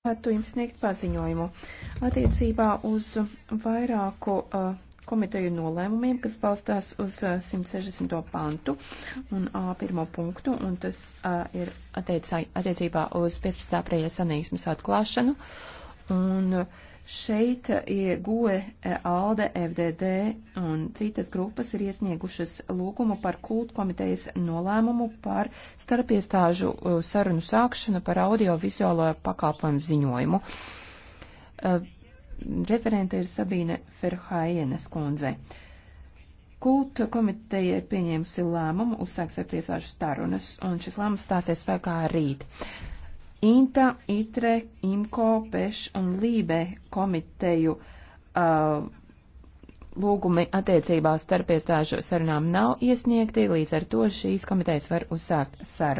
gribētu jums sniegt paziņojumu attiecībā uz vairāku uh, komiteju nolēmumiem, kas balstās uz uh, 160. pantu un A1 uh, punktu, un tas uh, ir attiecībā uz 15. aprīļa sanīksmes atklāšanu. Un šeit e GUE, ALDE, FDD un citas grupas ir iesniegušas lūgumu par kultu komitejas nolēmumu par starpiestāžu uh, sarunu sākšanu par audio-vizuālo pakalpojumu ziņojumu. Uh, referente ir Sabīne Ferhaienes kundze. Kulta komiteja ir pieņēmusi lēmumu uzsākt starpiestāžu sarunas, un šis lēmums stāsies spēkā rīt. Uh, INTA, ITRE, IMKO, PEŠ un LībE komiteju uh, lūgumi attiecībā starp iestāžu sarunām nav iesniegti, līdz ar to šīs komitejas var uzsākt sarunas.